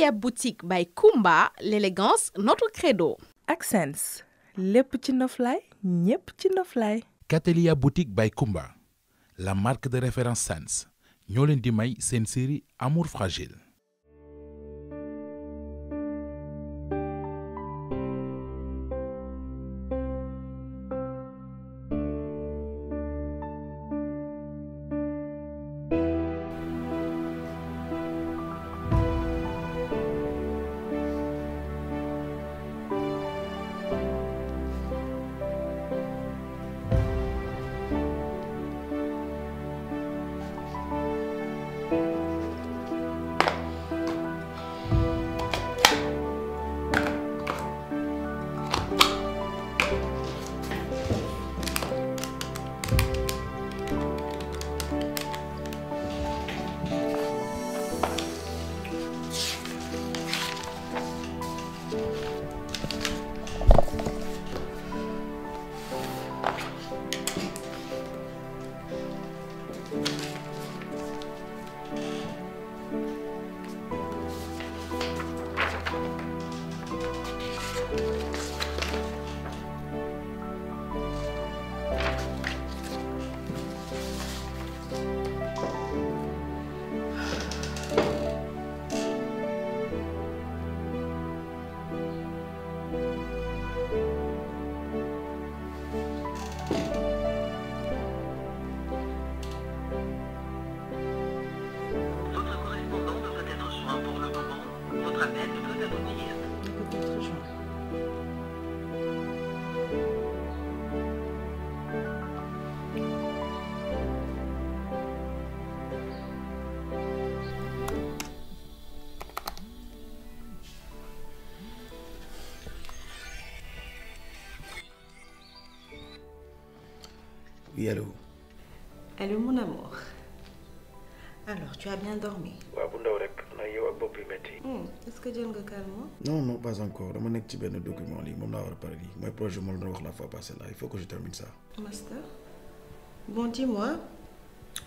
Catélia Boutique by Kumba l'élégance notre credo. Accents lépp ci les petits ci fly Catelia Boutique by Kumba la marque de référence Sans ñoo leen di c'est une série Amour fragile. Oui, allô Allô, mon amour. Alors, tu as bien dormi Oui, hmm, Est-ce que tu as calme Non, non, pas encore. Je suis dans un document. Je vais parler. Moi projet, je vais la fois passée là. Il faut que je termine ça. Master Bon, dis-moi,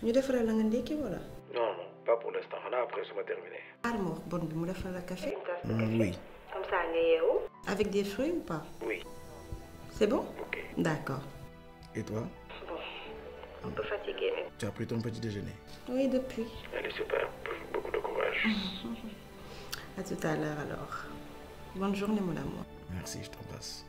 nous devons faire la ou voilà Non, non, pas pour l'instant. Après, je vais terminer. Armour, bon, nous devons faire le café mm, Oui. Comme ça, on Avec des fruits ou pas Oui. C'est bon Ok. D'accord. Et toi un peu fatigué, Tu as pris ton petit déjeuner Oui, depuis. Elle est super, beaucoup de courage. A tout à l'heure alors. Bonne journée mon amour. Merci, je t'embrasse.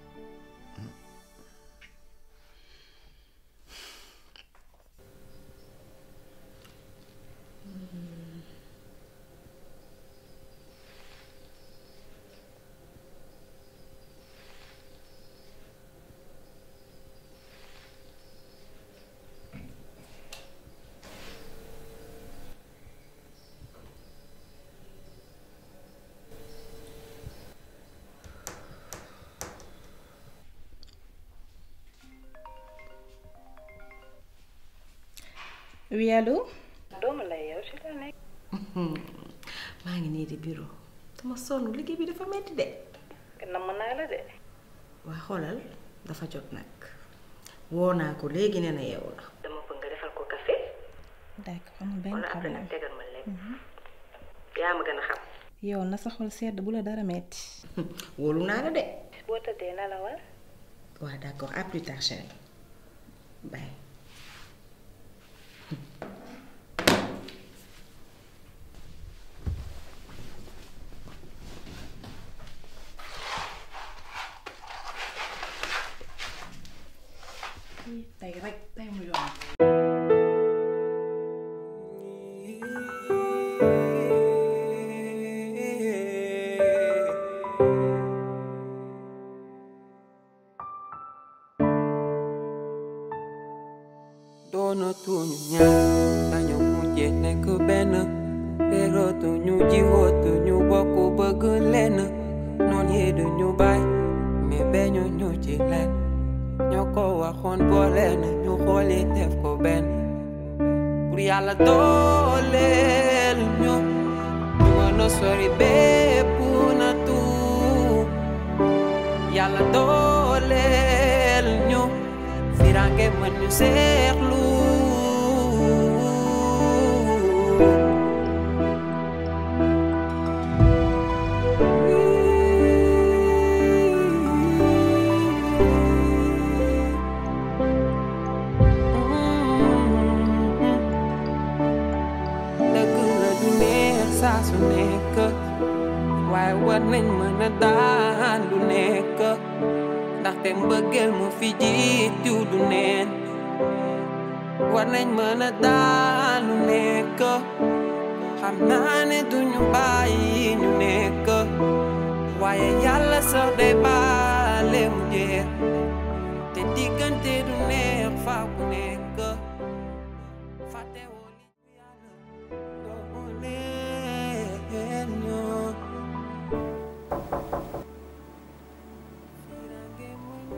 oui doomu lay yow ci la nekk. maa ngi nii di bureau. dama sonn liggéey bi dafa metti de. namm naa la de. waa xoolal dafa jot nag. woo naa ko léegi nee na yow la. dama bëgg nga defal ko café. d'accord amul benn problème wala mhm. ma gën a xam. yow na sa xol sedd bu la dara metti. wóolu naa la de. boo tëddee na la war. waaw d'accord à plus tard ono tunyunya tanyo muje ne kubena pero me len wa sori na tu Yala dole lunyo Firange manu mbëggeel mu fi jiitu du neen war nañ mën a daanu nekk xam naa ne duñu bàyyi ñu nekk waaye yàlla sax baale mu jeex te diggante du neex faa ku nekk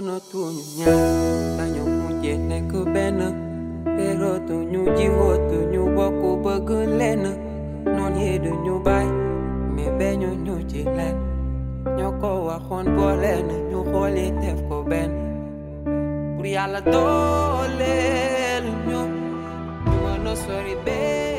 ono tunyunya banyo muje ne kubena pero tunyu jiwo tunyu boku bagulena non yedu nyubai me benyo nyuji len nyoko wa khon bolena nyukole tef kuben Puri ala dole nyo, nyo no sorry babe